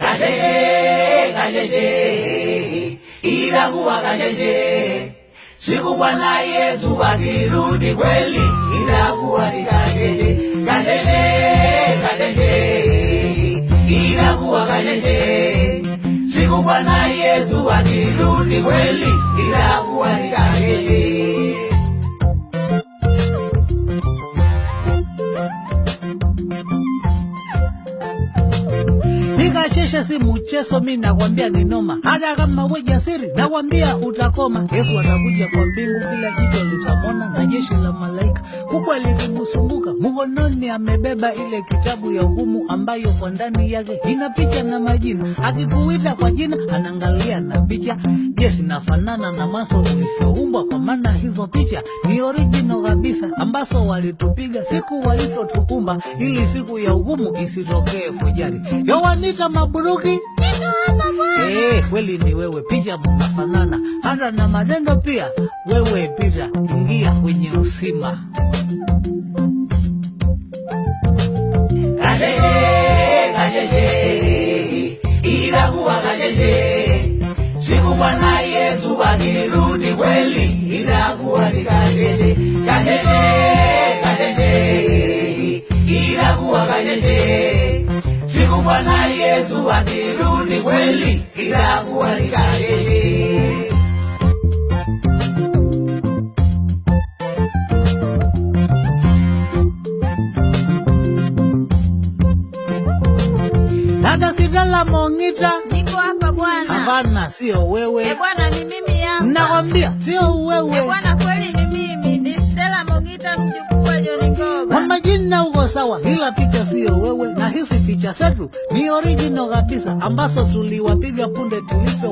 Kanyeye, kanyeye, inakuwa kanyeye. Siku Bwana Yesu akirudi kweli, inakuwa ni kanyeye. Kanyeye, kanyeye, inakuwa kanyeye. Siku Bwana Yesu akirudi kweli, inakuwa ni kanyeye. Unachesha si mchezo, mi nakwambia ni noma. Hata kama we jasiri, nakwambia utakoma. Yesu atakuja kwa mbingu, kila jicho litamona, na jeshi la malaika kubwa likimusunguka. Mkononi amebeba ile kitabu ya hukumu, ambayo kwa ndani yake ina picha na majina. Akikuita kwa jina, anaangalia na picha. Je, sinafanana na maso ulivyoumbwa? Kwa maana hizo picha ni original kabisa, ambazo walitupiga siku walivyotukumba, ili siku ya hukumu isitokee fujari. Yowanita na Buruki? Eh, kweli ni wewe, pija mnafanana hata na maneno pia. Wewe pija ingia kwenye usima. Bwana Yesu akirudi kweli itakuwa ni kageni. Dada Sidala Mong'ita, niko hapa bwana. Hapana, sio wewe. Eh bwana, ni mimi hapa. Nakwambia sio wewe. Eh bwana Jina uko sawa, ila picha siyo wewe, na hisi picha zetu ni original kabisa, ambazo tuliwapiga punde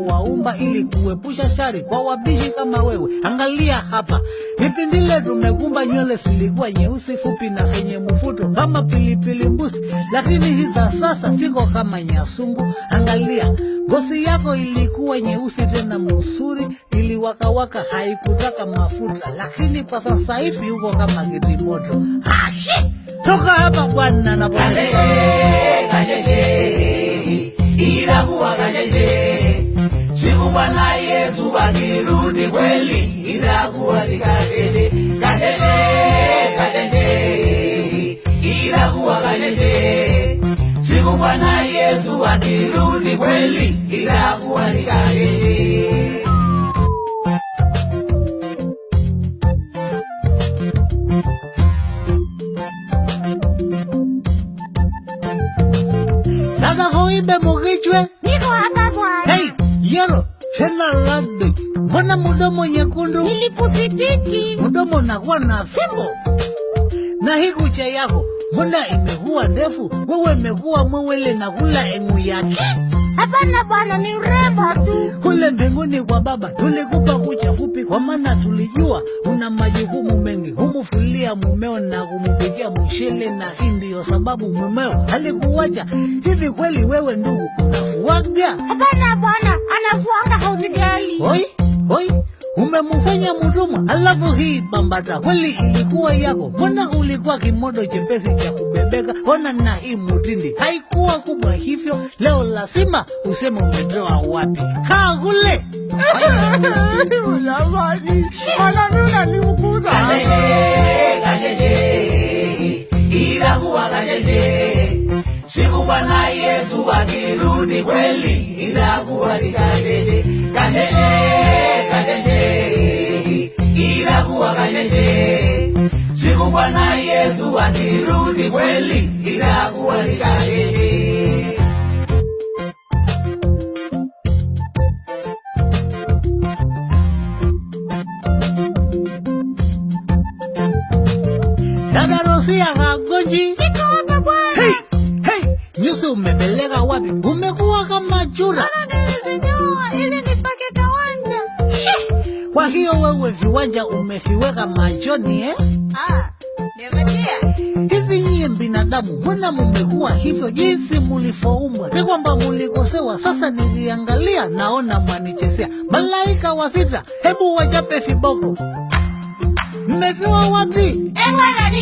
waumba, ili kuepusha shari kwa wabishi kama wewe. Angalia hapa, vipindile ile tumekumba, nywele zilikuwa nyeusi fupi na zenye mvuto kama pilipili mbusi, lakini hiza sasa siko kama nyasungu. Angalia ngozi yako ilikuwa nyeusi tena msuri, iliwakawaka, haikutaka mafuta, lakini kwa sasa hivi uko kama kitimoto. Ah, shit! toka hapa bwana na bwana ila huwa kalele siku bwana Yesu akirudi kweli ila kuwa kalele kalele kalele ila kuwa kalele siku bwana Yesu akirudi kweli ila kuwa kalele ibe mugijwe niko hapa bwana hey, yero tena lande mbona mudomo nyekundu nilikusitiki mudomo nakuwa na fimbo na hii kucha yako mbona imekuwa ndefu wewe imekuwa mwewele na kula engu yake Hapana bwana, ni urembo tu. Kule mbinguni kwa Baba tulikupa kucha fupi, kwa maana tulijua una majukumu mengi, humufulia mumeo na kumpikia mshele na indio, sababu mumeo alikuwacha. Hivi kweli wewe ndugu unafuaga? Hapana bwana, anafuanga hauzijali. Oi umemufanya mtumwa, alafu hii bambata kweli ilikuwa yako? Mbona ulikuwa kimodo chepesi cha kubebeka? Ona na hii mutindi haikuwa kubwa hivyo, leo lazima useme umetoa wapi. Kaa kule jamani, mwanami siku Bwana Yesu akirudi kweli, itakuwa ni kasheshe kasheshe milele. Siku Bwana Yesu akirudi kweli, itakuwa ni kalele. Dada Rosia hagonji hey, hey, nyusi umepeleka wapi? Umekuwa kama chura. Ili nipake kawanja. Shih. Kwa hiyo wewe viwanja umeviweka machoni eh? Ah, hivi nyie binadamu, mbona mumekuwa hivyo jinsi mulivyoumbwa? Si kwamba mulikosewa, sasa niliangalia naona mwanichezea. Malaika wa vita, hebu wajape viboko. Mmepewa wapi? Eh,